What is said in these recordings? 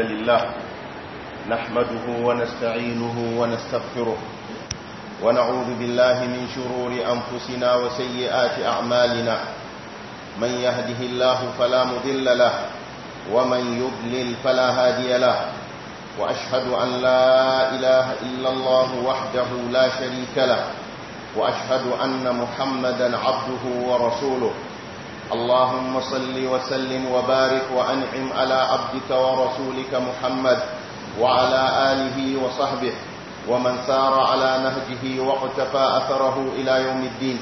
الحمد لله نحمده ونستعينه ونستغفره ونعوذ بالله من شرور أنفسنا وسيئات أعمالنا من يهده الله فلا مضل له ومن يضلل فلا هادي له وأشهد أن لا إله إلا الله وحده لا شريك له وأشهد أن محمدا عبده ورسوله اللهم صل وسلم وبارك وأنعم على عبدك ورسولك محمد وعلى آله وصحبه ومن سار على نهجه واقتفى أثره إلى يوم الدين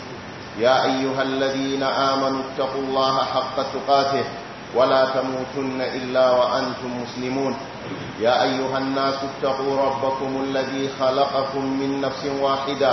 يا أيها الذين آمنوا اتقوا الله حق تقاته ولا تموتن إلا وأنتم مسلمون يا أيها الناس اتقوا ربكم الذي خلقكم من نفس واحدة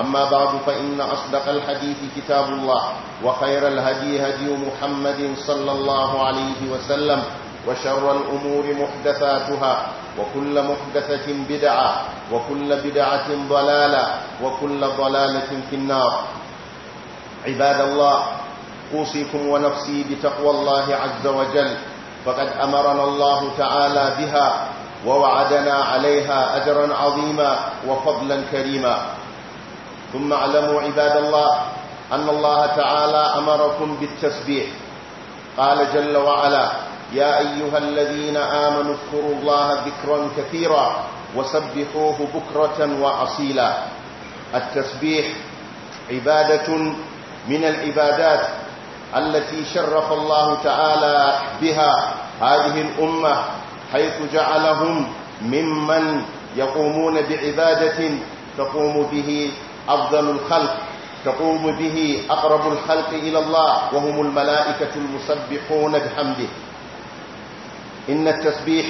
أما بعد فإن أصدق الحديث كتاب الله وخير الهدي هدي محمد صلى الله عليه وسلم وشر الأمور محدثاتها وكل محدثة بدعة وكل بدعة ضلالة وكل ضلالة في النار عباد الله أوصيكم ونفسي بتقوى الله عز وجل فقد أمرنا الله تعالى بها ووعدنا عليها أجرا عظيما وفضلا كريما ثم اعلموا عباد الله أن الله تعالى أمركم بالتسبيح قال جل وعلا يا أيها الذين آمنوا اذكروا الله ذكرا كثيرا وسبحوه بكرة وأصيلا التسبيح عبادة من العبادات التي شرف الله تعالى بها هذه الأمة حيث جعلهم ممن يقومون بعبادة تقوم به أفضل الخلق تقوم به أقرب الخلق إلى الله وهم الملائكة المسبحون بحمده إن التسبيح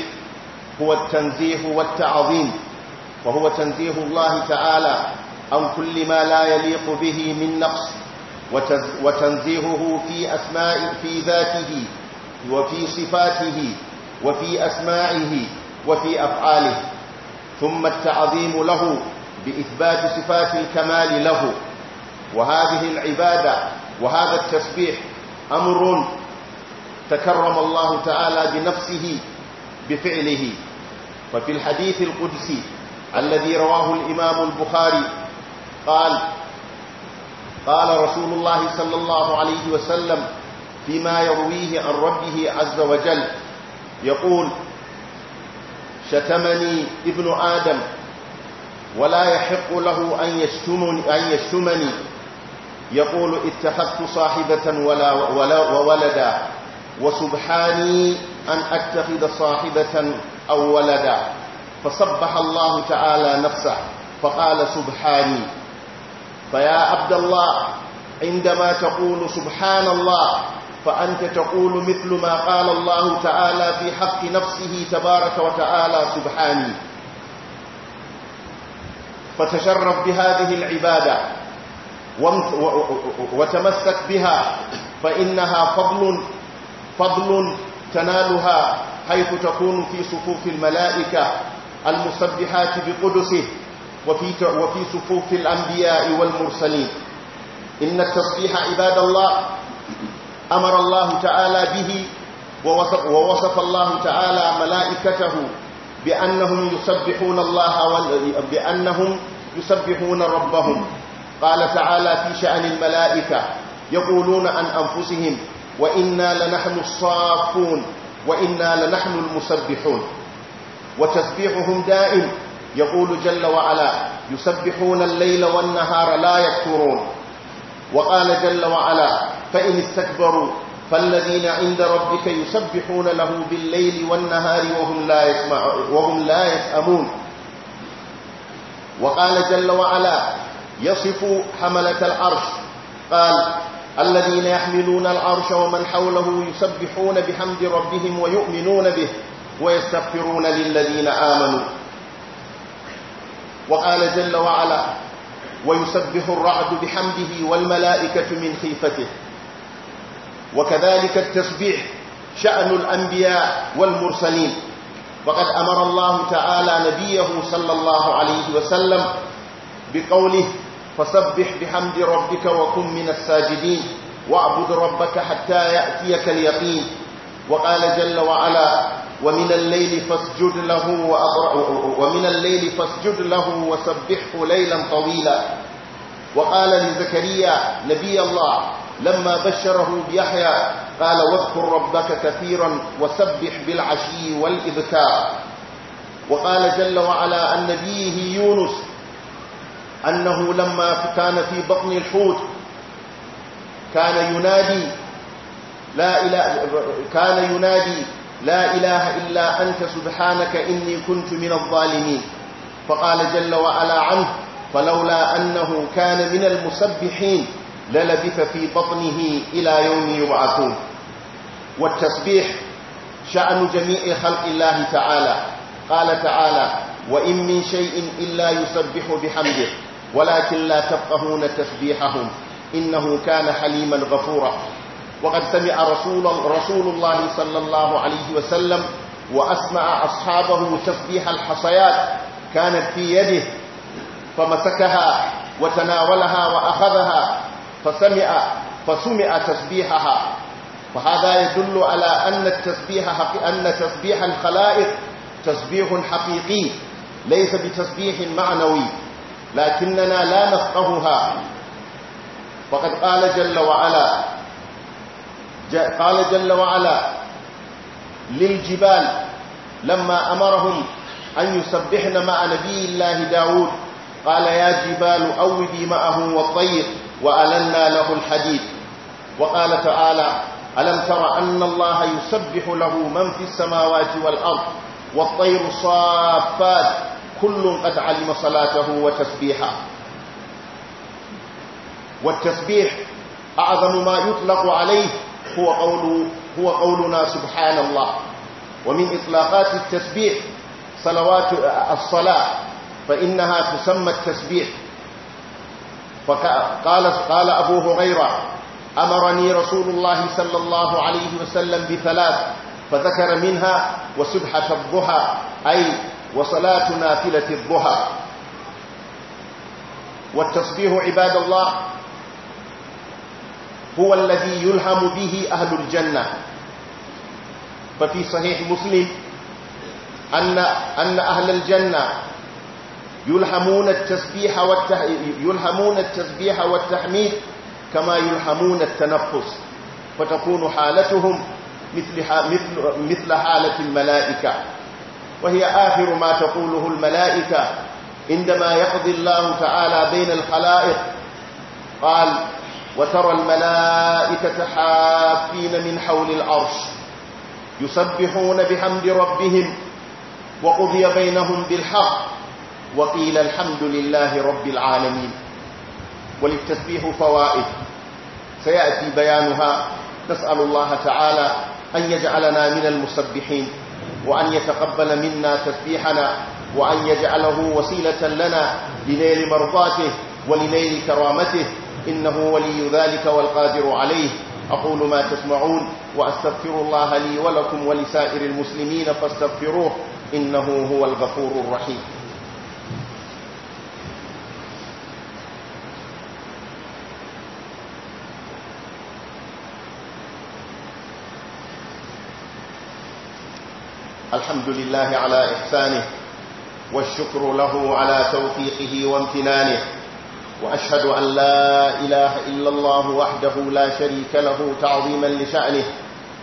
هو التنزيه والتعظيم وهو تنزيه الله تعالى عن كل ما لا يليق به من نقص وتنزيهه في أسماء في ذاته وفي صفاته وفي أسمائه وفي أفعاله ثم التعظيم له بإثبات صفات الكمال له وهذه العبادة وهذا التسبيح أمر تكرم الله تعالى بنفسه بفعله ففي الحديث القدسي الذي رواه الإمام البخاري قال قال رسول الله صلى الله عليه وسلم فيما يرويه عن ربه عز وجل يقول شتمني ابن آدم ولا يحق له أن يشتمني, أن يشتمني يقول اتخذت صاحبة ولا ولا وولدا وسبحاني أن أتخذ صاحبة أو ولدا فصبح الله تعالى نفسه فقال سبحاني فيا عبد الله عندما تقول سبحان الله فأنت تقول مثل ما قال الله تعالى في حق نفسه تبارك وتعالى سبحاني فتشرف بهذه العبادة وتمسك بها فإنها فضل فضل تنالها حيث تكون في صفوف الملائكة المسبحات بقدسه وفي وفي صفوف الأنبياء والمرسلين إن التسبيح عباد الله أمر الله تعالى به ووصف, ووصف الله تعالى ملائكته بأنهم يسبحون الله بأنهم يسبحون ربهم قال تعالى في شأن الملائكة يقولون عن أنفسهم وإنا لنحن الصافون وإنا لنحن المسبحون وتسبيحهم دائم يقول جل وعلا يسبحون الليل والنهار لا يكفرون وقال جل وعلا فإن استكبروا فالذين عند ربك يسبحون له بالليل والنهار وهم لا, يسمعون وهم لا يسأمون وقال جل وعلا يصف حملة العرش قال الذين يحملون العرش ومن حوله يسبحون بحمد ربهم ويؤمنون به ويستغفرون للذين آمنوا وقال جل وعلا ويسبح الرعد بحمده والملائكة من خيفته وكذلك التسبيح شأن الأنبياء والمرسلين فقد أمر الله تعالى نبيه صلى الله عليه وسلم بقوله فسبح بحمد ربك وكن من الساجدين واعبد ربك حتى يأتيك اليقين وقال جل وعلا ومن الليل فاسجد له ومن الليل فاسجد له وسبحه ليلا طويلا وقال لزكريا نبي الله لما بشره بيحيى قال واذكر ربك كثيرا وسبح بالعشي والإبكار وقال جل وعلا عن نبيه يونس أنه لما كان في بطن الحوت كان ينادي لا إله كان ينادي لا إله إلا أنت سبحانك إني كنت من الظالمين فقال جل وعلا عنه فلولا أنه كان من المسبحين للبث في بطنه إلى يوم يبعثون والتسبيح شأن جميع خلق الله تعالى قال تعالى وإن من شيء إلا يسبح بحمده ولكن لا تفقهون تسبيحهم إنه كان حليما غفورا وقد سمع رسول, رسول الله صلى الله عليه وسلم وأسمع أصحابه تسبيح الحصيات كانت في يده فمسكها وتناولها وأخذها فسمع فسمع تسبيحها وهذا يدل على أن التسبيح أن تسبيح الخلائق تسبيح حقيقي ليس بتسبيح معنوي لكننا لا نفقهها وقد قال جل وعلا قال جل وعلا للجبال لما أمرهم أن يسبحن مع نبي الله داود قال يا جبال أوبي معه والطير وألنا له الحديد وقال تعالى ألم تر أن الله يسبح له من في السماوات والأرض والطير صافات كل قد علم صلاته وتسبيحه والتسبيح أعظم ما يطلق عليه هو, قول هو قولنا سبحان الله ومن إطلاقات التسبيح صلوات الصلاة فإنها تسمى التسبيح فقال قال أبو هريرة أمرني رسول الله صلى الله عليه وسلم بثلاث فذكر منها وسبحة الضحى أي وصلاة نافلة الضحى والتصبيح عباد الله هو الذي يلهم به أهل الجنة ففي صحيح مسلم أن, أن أهل الجنة يلهمون التسبيح والتح... يلهمون التسبيح والتحميد كما يلهمون التنفس فتكون حالتهم مثل مثل مثل حالة الملائكة وهي آخر ما تقوله الملائكة عندما يقضي الله تعالى بين الخلائق قال وترى الملائكة حافين من حول العرش يسبحون بحمد ربهم وقضي بينهم بالحق وقيل الحمد لله رب العالمين وللتسبيح فوائد سيأتي بيانها نسأل الله تعالى أن يجعلنا من المسبحين وأن يتقبل منا تسبيحنا وأن يجعله وسيلة لنا لنيل مرضاته ولنيل كرامته إنه ولي ذلك والقادر عليه أقول ما تسمعون وأستغفر الله لي ولكم ولسائر المسلمين فاستغفروه إنه هو الغفور الرحيم الحمد لله على إحسانه والشكر له على توفيقه وامتنانه وأشهد أن لا إله إلا الله وحده لا شريك له تعظيما لشأنه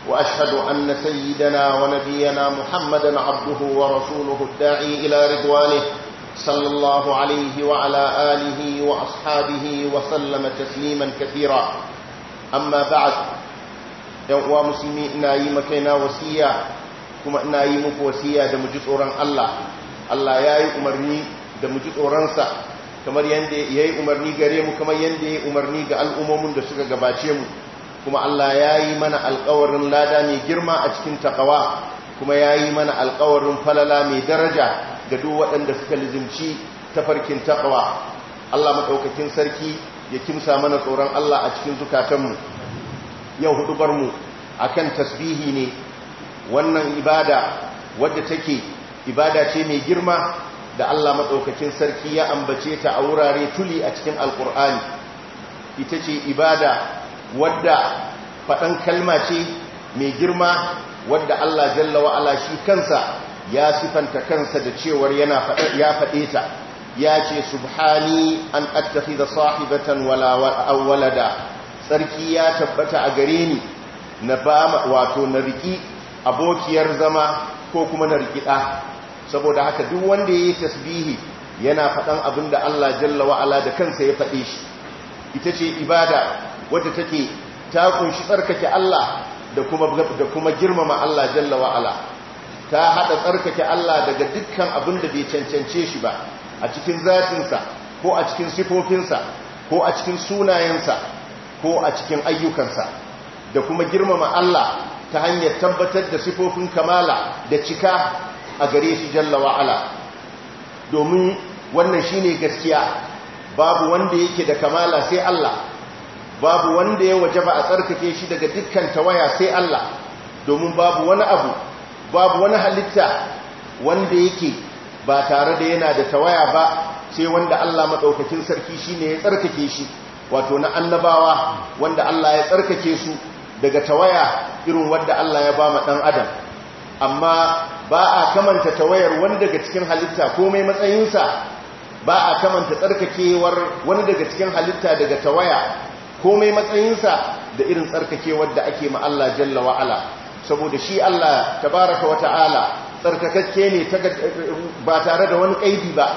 وأشهد أن سيدنا ونبينا محمدا عبده ورسوله الداعي إلى رضوانه صلى الله عليه وعلى آله وأصحابه وسلم تسليما كثيرا أما بعد يوم مسلمين نايمكنا وسيا kuma ina yi muku wasiya da mu ji tsoron Allah Allah ya yi umarni da mu tsoronsa kamar yadda ya yi umarni gare mu kamar yadda ya yi umarni ga al'ummomin da suka gabace mu kuma Allah ya yi mana alkawarin lada mai girma a cikin takawa kuma ya yi mana alkawarin falala mai daraja ga duk waɗanda suka lizimci tafarkin takawa Allah maɗaukakin sarki ya kimsa mana tsoron Allah a cikin zukatanmu yau hudubarmu kan tasbihi ne wannan ibada wadda take ibada ce mai girma da Allah maɗaukakin sarki ya ambace ta a wurare tuli a cikin alkur'ani ita ce ibada wadda faɗan kalma ce mai girma wadda Allah jalla wa'ala shi kansa ya sifanta kansa da cewar yana ya faɗe ta ya ce subhani an attakhidha sahibatan wala walada sarki ya tabbata a gare ni na ba wato na riki abokiyar zama ko kuma na rikida saboda haka duk wanda ya yi tasbihi yana fadan abin da Allah jalla wa'ala da kansa ya faɗe shi ita ce ibada wadda take ta kunshi tsarkake Allah da kuma da kuma girmama Allah jalla wa'ala ta hada tsarkake Allah daga dukkan abin da bai cancance shi ba a cikin zatinsa ko a cikin sifofinsa ko a cikin sunayensa ko a cikin ayyukansa da kuma girmama Allah ta hanyar tabbatar da sifofin kamala da cika a gare su jalla wa'ala domin wannan shi ne gaskiya babu wanda yake da kamala sai Allah babu wanda ya ba a tsarkake shi daga dukkan tawaya sai Allah domin babu wani abu babu wani halitta wanda yake ba tare da yana da tawaya ba sai wanda Allah maɗaukakin sarki shi ne ya tsarkake shi wato na annabawa wanda Allah ya tsarkake su daga tawaya irin wadda Allah ya ba ɗan adam amma ba a kamanta tawayar wani daga cikin halitta komai matsayinsa ba a kamanta tsarkakewar wani daga cikin halitta daga tawaya komai matsayinsa da irin tsarkakewar da ake ma Allah jalla wa'ala saboda shi Allah tabaraka wa ta'ala tsarkakakke ne ba tare da wani ƙa'idi ba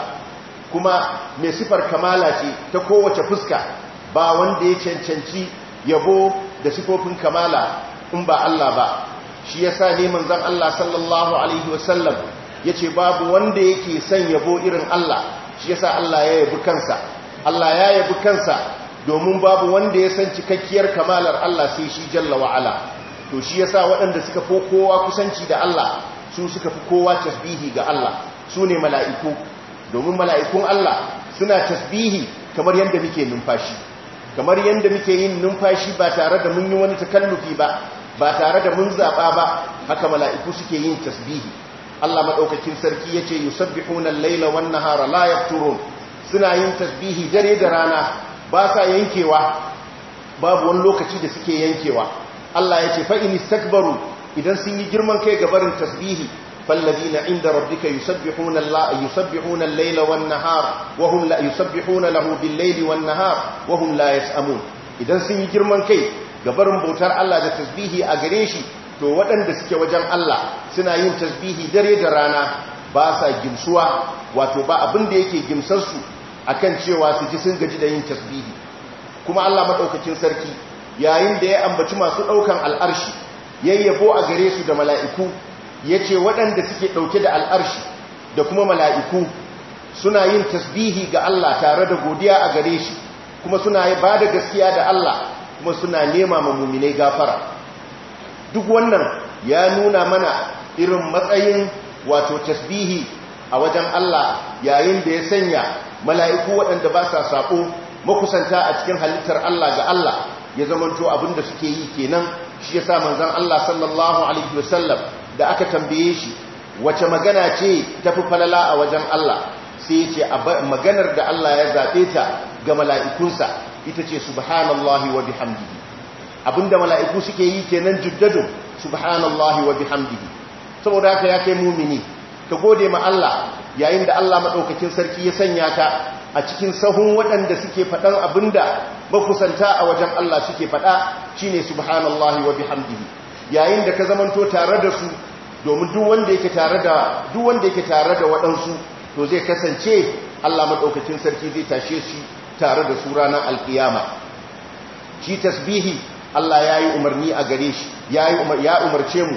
kuma mai sifar kamala ce ta kowace fuska ba wanda ya cancanci yabo da sifofin kamala in ba Allah ba shi yasa ne manzon Allah sallallahu alaihi wasallam yace babu wanda yake son yabo irin Allah shi yasa Allah ya yabi kansa Allah ya yabi kansa domin babu wanda ya san cikakkiyar kamalar Allah sai shi jalla wa ala to shi yasa waɗanda suka fi kowa kusanci da Allah su suka fi kowa tasbihi ga Allah su ne mala'iku domin mala'ikun Allah suna tasbihi kamar yadda muke numfashi kamar yadda muke yin numfashi ba tare da mun yi wani takallufi ba ba tare da mun zaɓa ba haka mala'iku suke yin tasbihi Allah maɗaukakin sarki ya ce yusabbihuna al-laila wan nahara la yafturun suna yin tasbihi dare da rana ba sa yankewa babu wani lokaci da suke yankewa Allah ya ce fa in istakbaru idan sun yi girman kai ga barin tasbihi fallazina inda rabbika yusabbihuna Allah yusabbihuna al-laila wan nahar wa hum la yusabbihuna lahu bil-laili wan nahar wa hum la yas'amun idan sun yi girman kai gabarin bautar Allah da tasbihi a gare shi to waɗanda suke wajen Allah suna yin tasbihi dare da rana ba sa gimsuwa wato ba abin da yake gimsarsu kan cewa su ji sun gaji da yin tasbihi kuma Allah maɗaukakin sarki yayin da ya ambaci masu ɗaukan al'arshi yayyabo a gare su da mala'iku ya ce waɗanda suke ɗauke da al'arshi da kuma mala'iku suna yin tasbihi ga Allah tare da godiya a gare shi kuma suna ba da gaskiya da Allah kuma suna nema ma muminai gafara duk wannan ya nuna mana irin matsayin wato tasbihi a wajen Allah yayin da ya sanya mala'iku waɗanda ba sa saƙo makusanta a cikin halittar Allah ga Allah ya zamanto abin da suke yi kenan shi yasa manzon Allah sallallahu Alaihi wasallam da aka tambaye shi wace magana ce tafi falala a wajen Allah sai ya ce maganar da Allah ya zaɓe ta ga mala'ikunsa ita ce subhanallahi wa bihamdihi abinda mala'iku suke yi kenan juddadu subhanallahi wa bihamdihi saboda haka ya kai mumini ka gode ma Allah yayin da Allah madaukakin sarki ya sanya ka a cikin sahun waɗanda suke faɗan abinda makusanta a wajen Allah suke faɗa shine subhanallahi wa bihamdihi yayin da ka zamanto tare da su domin duk wanda yake tare da duk wanda yake tare da waɗansu to zai kasance Allah madaukakin sarki zai tashe shi tare da su ranar alkiyama shi tasbihi Allah ya yi umarni a gare shi ya umarce mu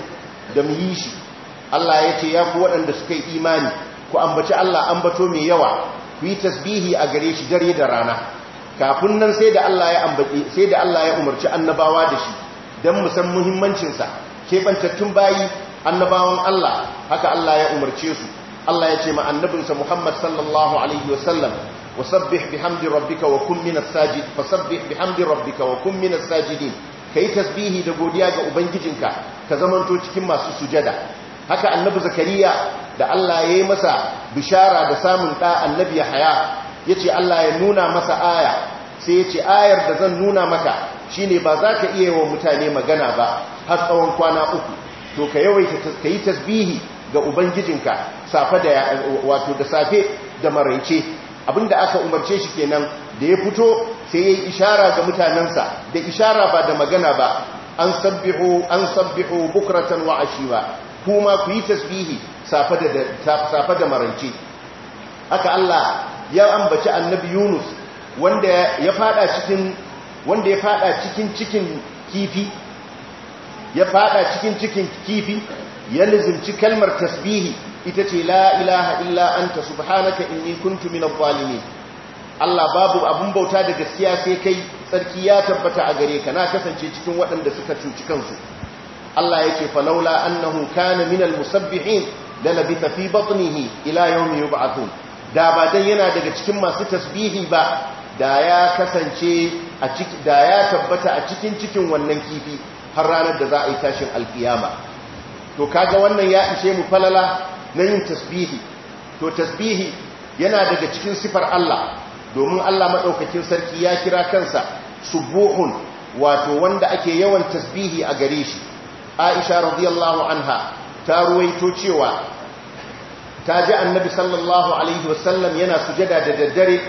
da mu yi shi Allah ya ce ya ku waɗanda suka yi imani ku ambaci Allah ambato mai yawa ku yi tasbihi a gare shi dare da rana kafin nan sai da Allah ya sai da Allah ya umarci annabawa da shi don mu san muhimmancinsa keɓantattun bayi annabawan Allah haka Allah ya umarce su Allah ya ce ma annabinsa Muhammad sallallahu alaihi wasallam وسبح بحمد ربك وكن من الساجد فسبح بحمد ربك وكن من الساجدين kai tasbihi da godiya ga ubangijinka ka zamanto cikin masu sujada haka annabi zakariya da Allah ya yi masa bishara da samun da annabi haya yace Allah ya nuna masa aya sai yace ayar da zan nuna maka shine ba za ka iya wa mutane magana ba har tsawon kwana uku to ka yawaita kai tasbihi ga ubangijinka safe da wato da safe da maraice abinda aka umarce shi kenan da ya fito sai ya yi ishara ga mutanensa da ishara ba da magana ba an sabbihu an sabbihu bukratan wa ashiwa kuma ku yi tasbihi safa da marance haka Allah ya ambaci annabi Yunus wanda ya fada cikin wanda ya fada cikin cikin kifi ya fada cikin cikin kifi ya lizimci kalmar tasbihi ita ce la ilaha illa anta subhanaka inni kuntu minadh zalimin Allah babu abun bauta da gaskiya sai kai tsarki ya tabbata a gare ka na kasance cikin waɗanda suka cuci kansu Allah yake falaula annahu kana minal musabbihin lalabita fi batnihi ila yawmi yub'athun da ba dan yana daga cikin masu tasbihi ba da ya kasance a ciki da ya tabbata a cikin cikin wannan kifi har ranar da za a yi tashin alkiyama to kaga wannan ya ishe mu falala na yin tasbihi to tasbihi yana daga cikin sifar Allah domin Allah maɗaukakin sarki ya kira kansa subuhun wato wanda ake yawan tasbihi a gare shi Aisha radiyallahu anha ta ruwaito cewa ta ji annabi sallallahu alaihi wasallam yana sujada da daddare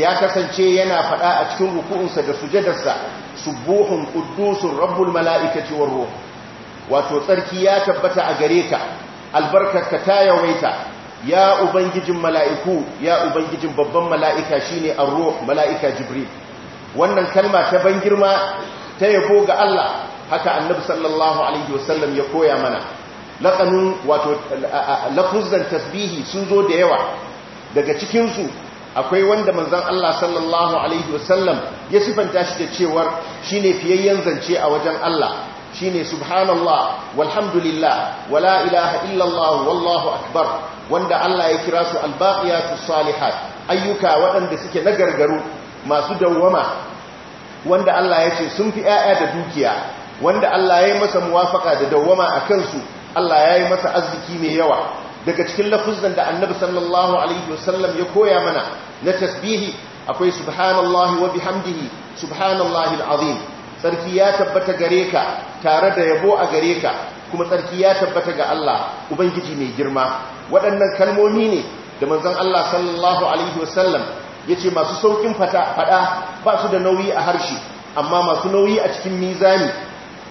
ya kasance yana faɗa a cikin ruku'unsa da sujadarsa subuhun kuddusun rabbul mala'ikati war ruh wato tsarki ya tabbata a gare ka albarkarka ta yawaita ya ubangijin mala'iku ya ubangijin babban mala'ika shine arro mala'ika jibril wannan kalma ta ban girma ta yabo ga Allah haka annabi sallallahu alaihi wasallam ya koya mana laqanun wato lafuzan tasbihi sun zo da yawa daga cikin su akwai wanda manzon Allah sallallahu alaihi wasallam ya sifanta shi da cewar shine fiyayyen zance a wajen Allah shine subhanallah walhamdulillah wala ilaha illallah wallahu akbar wanda Allah ya kira su albaqiyatus salihat ayyuka waɗanda suke nagargaru masu dawwama wanda Allah ya ce sun fi ‘ya'ya da dukiya, wanda Allah ya yi masa muwafaƙa da dawwama a kansu, Allah ya yi masa arziki mai yawa. Daga cikin lafuzan da annabi sallallahu Alaihi wasallam ya koya mana na tasbihi akwai subhanallahi wa bihamdihi, subhanallahi al'azim, tsarki ya tabbata gare ka tare da yabo a gare ka kuma tsarki ya tabbata ga Allah ubangiji mai girma waɗannan kalmomi ne da manzon Allah sallallahu alaihi wasallam yace masu saukin fata fada ba su da nauyi a harshe amma masu nauyi a cikin mizani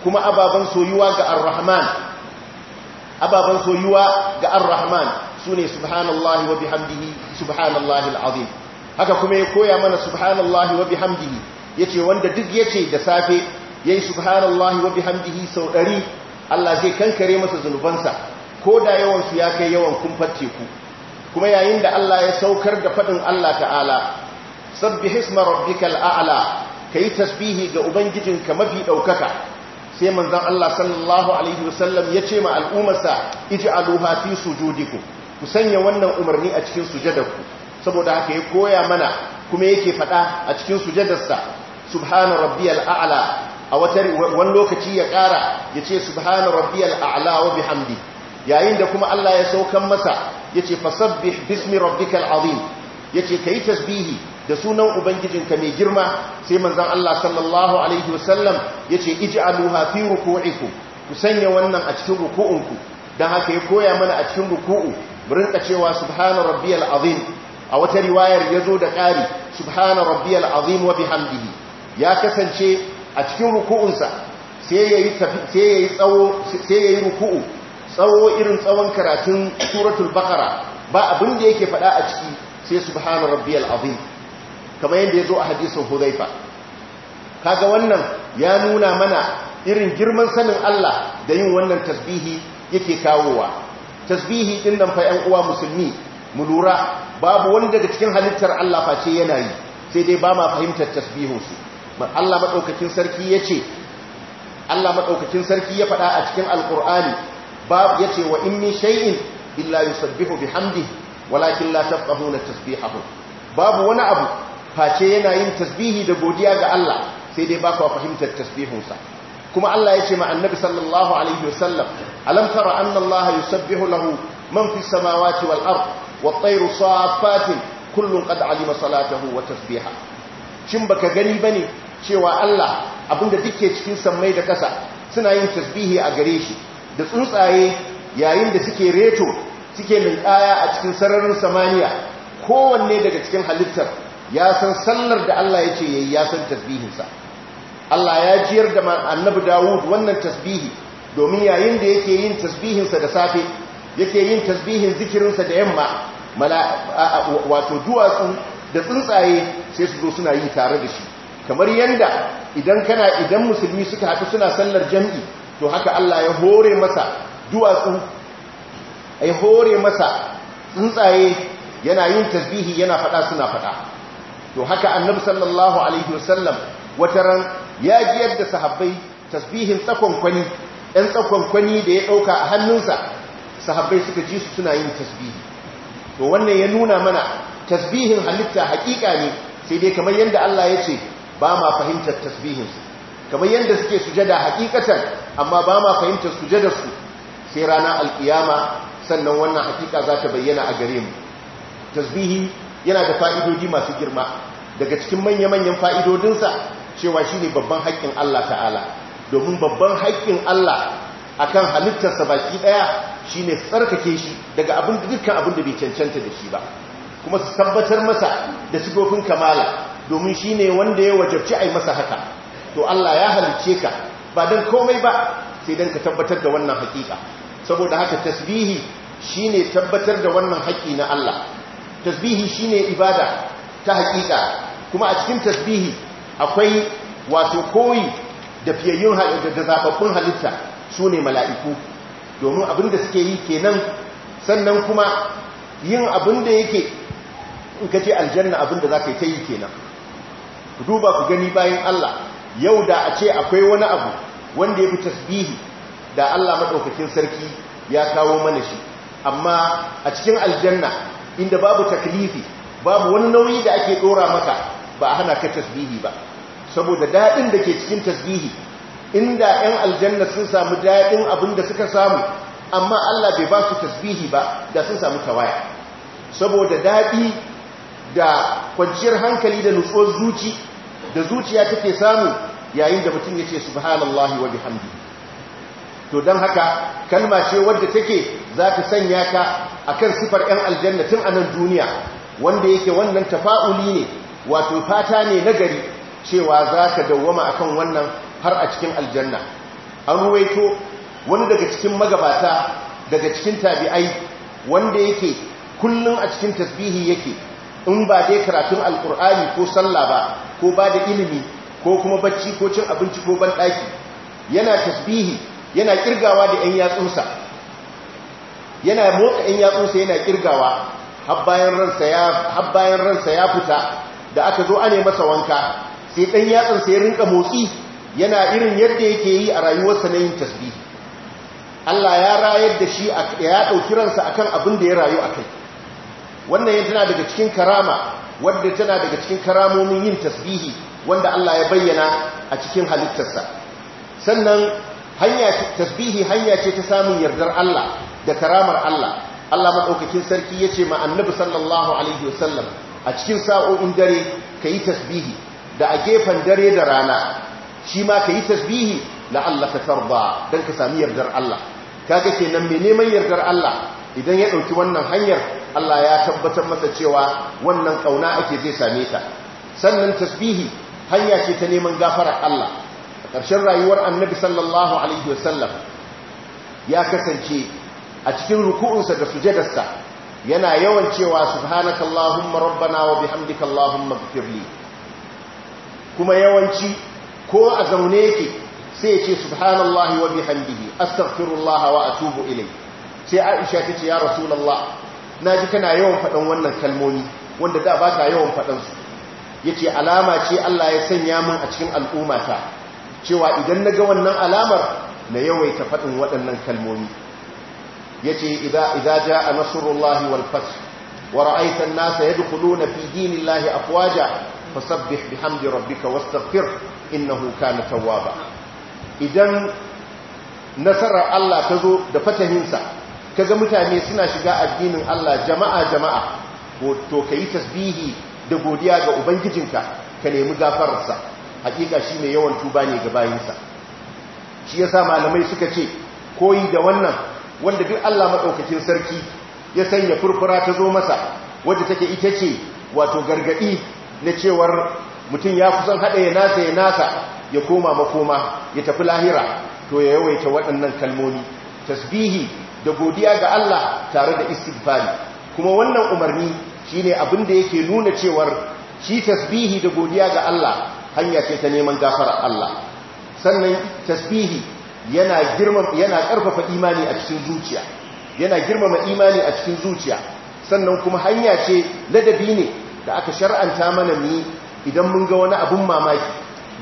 kuma ababan soyuwa ga arrahman rahman ababan soyuwa ga al rahman sune subhanallahi wa bihamdihi subhanallahi al-azim haka kuma ya koya mana subhanallahi wa bihamdihi yace wanda duk yace da safe yayi subhanallahi wa bihamdihi sau 100 Allah zai kankare masa zunubansa ko da yawan su ya kai yawan kumfar ku. kuma yayin da Allah ya saukar da fadin Allah ta'ala sabbih isma rabbikal a'la kai tasbihi ga ubangijin ka mafi daukaka sai manzon Allah sallallahu Alaihi wasallam ya ce ma al'ummarsa iji aluha fi sujudiku ku sanya wannan umarni a cikin sujadarku saboda haka ya koya mana kuma yake fada a cikin sujadarsa subhana rabbiyal a'la a wata wani lokaci ya ƙara ya ce subhana rabbiyal a'la wa hamdi, yayin da kuma Allah ya saukan masa ya ce fasabbih bismi rabbikal azim ya ce ka yi tasbihi da sunan ubangijinka mai girma sai manzan Allah sallallahu alaihi wasallam ya ce ij'aluha fi ruku'iku ku sanya wannan a cikin ruku'unku dan haka ya koya mana a cikin ruku'u rinka cewa subhana rabbiyal azim a wata riwayar yazo da ƙari subhana rabbiyal azim wa bihamdihi ya kasance a cikin ruku'unsa sai ya yi ruku'u tsawo irin tsawon karatun suratul bakara ba abin da yake fada a ciki sai subhana rabbi al'azim kamar yadda ya zo a hadisun huzaifa kaga wannan ya nuna mana irin girman sanin Allah da yin wannan tasbihi yake kawowa tasbihi din nan fa uwa musulmi mu lura babu wanda daga cikin halittar Allah face yana yi sai dai ba ma fahimtar tasbihinsu Allah maɗaukakin sarki ya ce Allah maɗaukakin sarki ya faɗa a cikin alkur'ani babu ya ce wa in min shay'in illa yusabbihu bihamdihi walakin la tafqahuna tasbihahu babu wani abu face yana yin tasbihi da godiya ga Allah sai dai ba ku fahimtar tasbihunsa kuma Allah ya ce ma annabi sallallahu alaihi wasallam alam tara anna Allah yusabbihu lahu man fi samawati wal ard wa tayru safatin kullum qad alima salatahu wa tasbihahu shin baka gani ba ne? cewa Allah abinda duke cikin sammai da ƙasa suna yin tasbihi a gare shi da tsuntsaye yayin da suke reto suke linƙaya a cikin sararin samaniya kowanne daga cikin halittar ya san sallar da Allah ya ce yayi ya san tasbihinsa Allah ya jiyar da annabi Dawud wannan tasbihi domin yayin da yake yin tasbihinsa da safe yake yin tasbihin zikirinsa da yamma wato duwatsu da tsuntsaye sai su zo suna yi tare da shi kamar yadda idan kana idan musulmi suka haɗu suna sallar jam'i to haka Allah ya hore masa duwatsu ya hore masa tsuntsaye yana yin tasbihi yana faɗa suna faɗa to haka annabi sallallahu alaihi wasallam wataran ya ji yadda sahabbai tasbihin tsakon kwani ɗan tsakon kwani da ya ɗauka a hannunsa sahabbai suka ji su suna yin tasbihi to wannan ya nuna mana tasbihin halitta hakika ne sai dai kamar yadda Allah ya ce ba ma fahimtar tasbihinsu kamar yadda suke sujada hakikatan amma ba ma fahimtar sujadarsu sai rana alkiyama sannan wannan hakika za ta bayyana a gare mu tasbihi yana da fa'idodi masu girma daga cikin manya-manyan fa'idodinsa cewa shi ne babban haƙƙin Allah ta'ala domin babban haƙƙin Allah a kan halittarsa baki ɗaya shi ne tsarkake shi daga dukkan abin da bai cancanta da shi ba kuma su tabbatar masa da sigofin kamala domin shi ne wanda ya wajabci a yi masa haka to Allah ya halice ka ba don komai ba sai don ka tabbatar da wannan hakika saboda haka tasbihi shi ne tabbatar da wannan haƙi na Allah tasbihi shi ne ibada ta hakika kuma a cikin tasbihi akwai wato koyi da fiyayyun da zaɓaɓɓun halitta su ne mala'iku domin abin da suke yi kenan sannan kuma yin abin da yake in ka ce aljanna abinda za ka yi ta yi kenan ku duba ku gani bayan Allah yau da a ce akwai wani abu wanda ya fi tasbihi da Allah maɗaukakin sarki ya kawo mana shi amma a cikin aljanna inda babu taklifi babu wani nauyi da ake ɗora maka ba a hana ka tasbihi ba saboda daɗin da ke cikin tasbihi inda 'yan aljanna sun samu daɗin abin da suka samu amma Allah bai ba su tasbihi ba da sun samu tawaya saboda daɗi da kwanciyar hankali da nutsuwar zuci da zuciya take samu yayin da mutum ya ce subhanallahi wa bihamdi to don haka kalma ce wadda take za ta sanya ka akan sifar 'yan aljanna tun a duniya wanda yake wannan tafa'uli ne wato fata ne nagari cewa za ka dawwama akan wannan har a cikin aljanna an ruwaito wani daga cikin magabata daga cikin tabi'ai wanda yake kullum a cikin tasbihi yake in ba dai karatun alkur'ani ko sallah ba ko ba da ilimi ko kuma bacci ko cin abinci ko ban ɗaki yana tasbihi yana kirgawa da ‘yan yatsunsa yana motsa ɗan yatsunsa yana kirgawa har bayan ransa ya fita da aka zo ane masa wanka sai ɗan yatsunsa ya rinka motsi yana irin yadda yake yi a rayuwarsa na yin tasbihi Allah ya rayar da shi ya ɗauki ransa akan abin da ya rayu a kai wannan yin tana daga cikin karama wadda tana daga cikin karamomin yin tasbihi wanda Allah ya bayyana a cikin halittarsa sannan tasbihi hanya ce ta samun yardar Allah da karamar Allah Allah madaukakin sarki yace ma annabi sallallahu alaihi wasallam a cikin sa'o'in dare kayi tasbihi da a gefen dare da rana shi ma kayi tasbihi ka tarda dan ka sami yardar Allah Ka kaga kenan me neman yardar Allah idan ya ɗauki wannan hanyar Allah ya tabbatar masa cewa wannan kauna ake zai same ta sannan tasbihi hanya ce ta neman gafarar Allah a ƙarshen rayuwar annabi sallallahu alaihi wasallam ya kasance a cikin ruku'unsa da sujadarsa yana yawan cewa subhanakallahumma rabbana wa bihamdika allahumma ighfirli kuma yawanci ko a zaune yake sai ce subhanallahi wa bihamdihi astaghfirullah wa atubu ilai sai Aisha tace ya rasulullah na ji kana yawan faɗan wannan kalmomi wanda da ba ka yawan faɗansu ya ce alama ce Allah ya sanya min a cikin al'ummata cewa idan na ga wannan alamar na yawaita faɗin waɗannan kalmomi ya ce idan ja a nasurullahi walfas wa ra'aitan nasa ya dukulu na fi dinin lahi afuwaja bi bihamdi rabbika wastaghfir innahu kana tawwaba idan nasarar Allah ta zo da fatahinsa kaga mutane suna shiga addinin Allah jama'a jama'a to kai tasbihi da godiya ga ubangijinka ka nemi gafararsa hakika shi ne yawan tuba ne ga bayinsa shi yasa malamai suka ce koyi da wannan wanda duk Allah madaukakin sarki ya sanya furfura ta zo masa wadda take ita ce wato gargadi na cewar mutum ya kusan hada ya nasa ya nasa ya koma makoma ya tafi lahira to ya yawaita waɗannan kalmomi tasbihi da godiya ga Allah tare da istighfari kuma wannan umarni shine abin da yake nuna cewar shi tasbihi da godiya ga Allah hanya ce ta neman gafarar Allah sannan tasbihi yana girma yana karfafa imani a cikin zuciya yana girmama imani a cikin zuciya sannan kuma hanya ce ladabi ne da aka shar'anta mana ni idan mun ga wani abun mamaki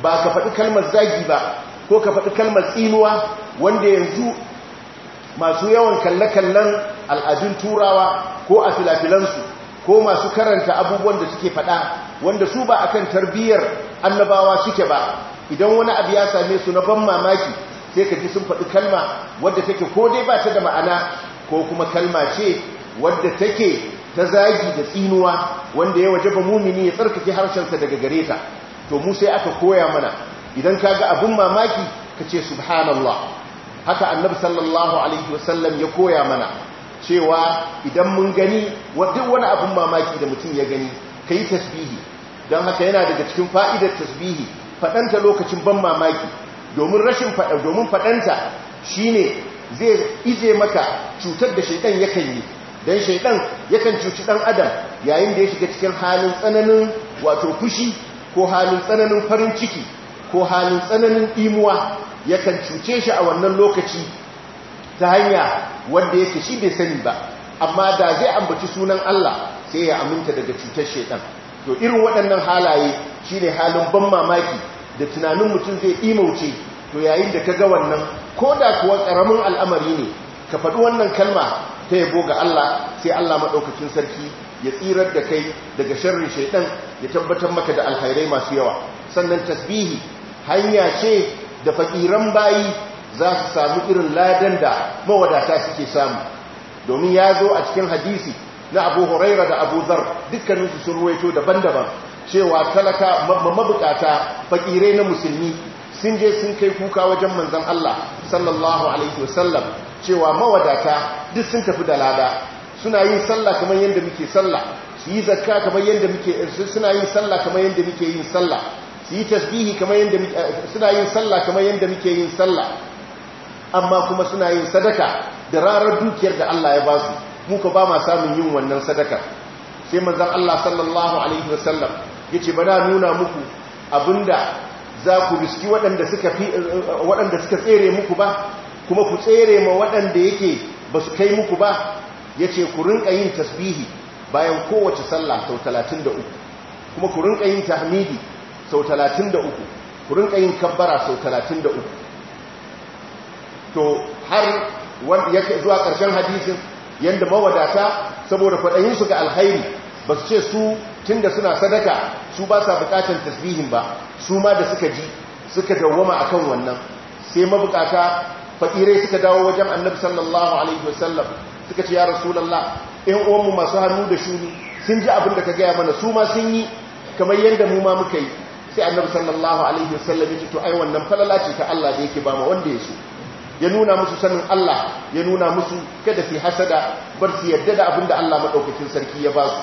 ba ka faɗi kalmar zagi ba ko ka faɗi kalmar tsinuwa wanda yanzu masu yawan kalle-kallen al'adun turawa ko a filafilansu ko masu karanta abubuwan da suke faɗa wanda su ba a kan tarbiyyar annabawa suke ba idan wani abu ya same su na ban mamaki sai ka ji sun faɗi kalma wadda take ko dai ba ta da ma'ana ko kuma kalma ce wadda take ta zagi da tsinuwa wanda ya waje ba mumini ya tsarkake harshensa daga gare ta to mu sai aka koya mana idan ka ga abin mamaki ka ce subhanallah haka annabi sallallahu alaihi wasallam ya koya mana cewa idan mun gani duk wani abin mamaki da mutum ya gani ka yi tasbihi don haka yana daga cikin fa'idar tasbihi faɗanta lokacin ban mamaki domin rashin faɗa domin faɗanta shi ne zai ije maka cutar da shaidan yakan yi don shaidan yakan cuci ɗan adam yayin da ya shiga cikin halin tsananin wato fushi ko halin tsananin farin ciki ko halin tsananin imuwa kan cuce shi a wannan lokaci ta hanya wanda yake shi bai sani ba amma da zai ambaci sunan Allah sai ya aminta daga cutar shaidan to irin waɗannan halaye shine halin ban mamaki da tunanin mutum zai imauce to yayin da ka ga wannan ko da kuwa ƙaramin al'amari ne ka faɗi wannan kalma ta yabo ga Allah sai Allah maɗaukacin sarki ya tsirar da kai daga sharrin shaidan ya tabbatar maka da alkhairai masu yawa sannan tasbihi hanya ce da fakiran bayi za su samu irin ladan da mawadata suke samu domin ya zo a cikin hadisi na abu huraira da abu zar su sun ruwaito daban-daban cewa talaka mabukata fakirai na musulmi sun je sun kai kuka wajen manzan Allah sallallahu alaihi wasallam cewa mawadata duk sun tafi da lada suna yin sallah kamar yadda muke sallah su yi zakka kamar yadda muke yin sallah kamar yadda muke yin sallah su yi tasbihi kamar yadda eh, suna yin sallah kamar yadda muke yin sallah amma kuma suna yin sadaka da rarar dukiyar da Allah ya ba su muka ba ma samun yin wannan sadaka sai mazan Allah sallallahu alaihi wasallam yace bana nuna muku abinda za ku riski eh, waɗanda suka tsere muku ba kuma ku tsere ma waɗanda yake ba su kai muku ba yace ku rinka yin tasbihi bayan kowace sallah sau 33 kuma ku rinka yin tahmidi sau talatin da uku ku rinka yin kabbara sau talatin da uku to har zuwa ƙarshen hadisin yadda mawadata saboda faɗayinsu ga alhairi ba su ce su tun da suna sadaka su ba sa bukatar tasbihin ba su ma da suka ji suka dawwama a kan wannan sai mabukata faƙirai suka dawo wajen annabi sallallahu alaihi wasallam suka ce ya rasulallah ‘yan uwanmu masu hannu da shuni sun ji abin da ka gaya mana su ma sun yi kamar yadda mu ma muka yi sai annabi sallallahu alaihi wasallam ya ce to ai wannan falala ce ta Allah da yake ba ma wanda ya so ya nuna musu sanin Allah ya nuna musu kada su hasada bar su yadda da abinda Allah madaukakin sarki ya ba su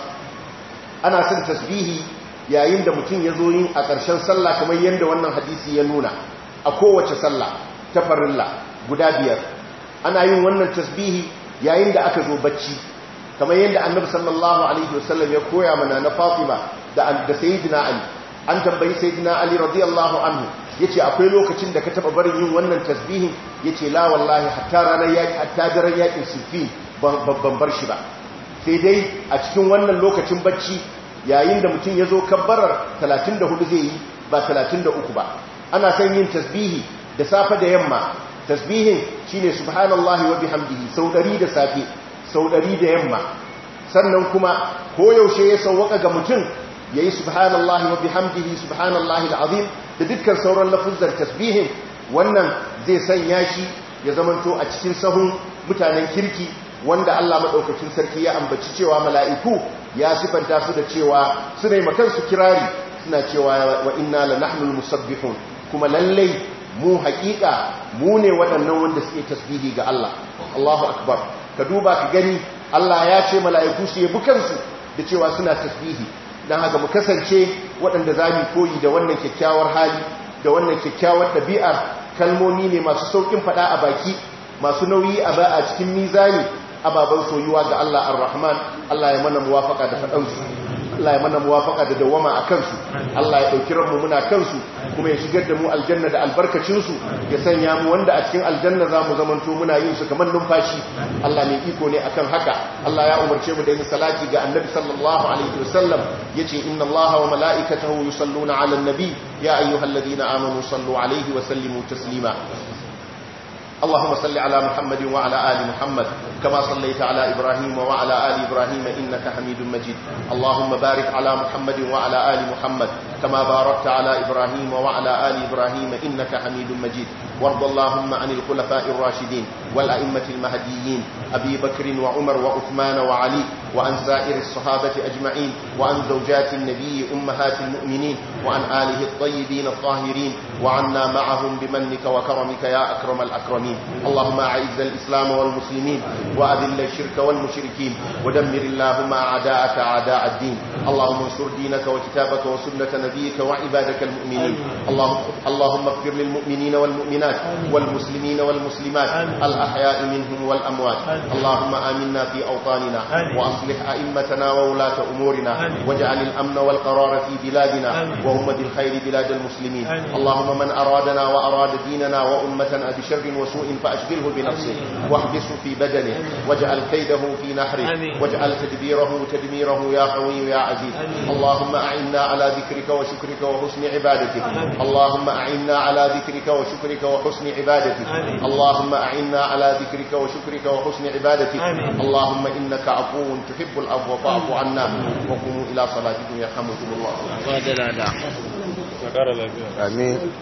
ana son tasbihi yayin da mutum ya zo yin a ƙarshen sallah kamar yadda wannan hadisi ya nuna a kowace sallah ta farilla guda biyar ana yin wannan tasbihi yayin da aka zo bacci kamar yadda annabi sallallahu alaihi wasallam ya koya mana na Fatima da da Sayyidina Ali an tambayi sayyidina ali radiyallahu anhu ce akwai lokacin da ka taba barin yin wannan tasbihin ce la wallahi hatta ranar yaki hatta daren yakin sifi babban bar shi ba sai dai a cikin wannan lokacin bacci yayin da mutum ya zo kabbarar 34 zai yi ba 33 ba ana san yin tasbihi da safe da yamma tasbihin shine subhanallahi wa hamdihi sau 100 da safe sau 100 da yamma sannan kuma koyaushe ya sauwaka ga mutum yayi subhanallahi wa bihamdihi subhanallahi alazim da dukkan sauran lafuzar tasbihin wannan zai sanya shi ya zamanto a cikin sahun mutanen kirki wanda Allah maɗaukacin sarki ya ambaci cewa mala'iku ya sifanta su da cewa su ne makansu kirari suna cewa wa inna nahnul musabbihun kuma lallai mu haƙiƙa mu ne waɗannan wanda suke tasbihi ga Allah Allahu akbar ka duba ka gani Allah ya ce mala'iku su yabi kansu da cewa suna tasbihi don haka mu kasance waɗanda za mu koyi da wannan kyakkyawar hali da wannan kyakkyawar ɗabi'ar kalmomi ne masu sauƙin faɗa a baki masu nauyi a ba cikin mizani ababen soyuwa ga Allah ar-Rahman Allah ya mana muwafaka da faɗansu Allah ya mana muwafaka da dawama a kansu Allah ya ɗauki ranmu muna kansu kuma ya shigar da mu aljanna da albarkacinsu ya sanya mu wanda a cikin aljanna za mu zamanto muna yin su kamar numfashi Allah mai iko ne akan haka Allah ya umarce mu da yin salati ga annabi sallallahu alaihi wasallam yace inna Allah wa mala'ikatahu yusalluna 'alan nabi ya ayyuhalladhina amanu sallu alaihi wa sallimu taslima اللهم صل على محمد وعلى آل محمد كما صليت على إبراهيم وعلى آل إبراهيم إنك حميد مجيد اللهم بارك على محمد وعلى آل محمد كما باركت على إبراهيم وعلى آل إبراهيم إنك حميد مجيد وارض اللهم عن الخلفاء الراشدين والأئمة المهديين أبي بكر وعمر وعثمان وعلي وعن سائر الصحابة أجمعين وعن زوجات النبي أمهات المؤمنين وعن آله الطيبين الطاهرين وعنا معهم بمنك وكرمك يا أكرم الأكرمين الظالمين اللهم أعز الإسلام والمسلمين وأذل الشرك والمشركين ودمر اللهم أعداءك أعداء الدين اللهم انصر دينك وكتابك وسنة نبيك وعبادك المؤمنين اللهم, اللهم اغفر للمؤمنين والمؤمنات والمسلمين والمسلمات الأحياء منهم والأموات اللهم آمنا في أوطاننا وأصلح أئمتنا وولاة أمورنا واجعل الأمن والقرار في بلادنا وهم الخير بلاد المسلمين اللهم من أرادنا وأراد ديننا وأمتنا بشر وسوء سوء فأشغله بنفسه واحبسه في بدنه واجعل كيده في نحره واجعل تدبيره تدميره يا قوي يا عزيز اللهم أعنا على ذكرك وشكرك وحسن عبادتك اللهم أعنا على ذكرك وشكرك وحسن عبادتك اللهم أعنا على ذكرك وشكرك وحسن عبادتك اللهم إنك عفو تحب العفو فاعف عنا وقوموا إلى صلاتكم يرحمكم الله آمين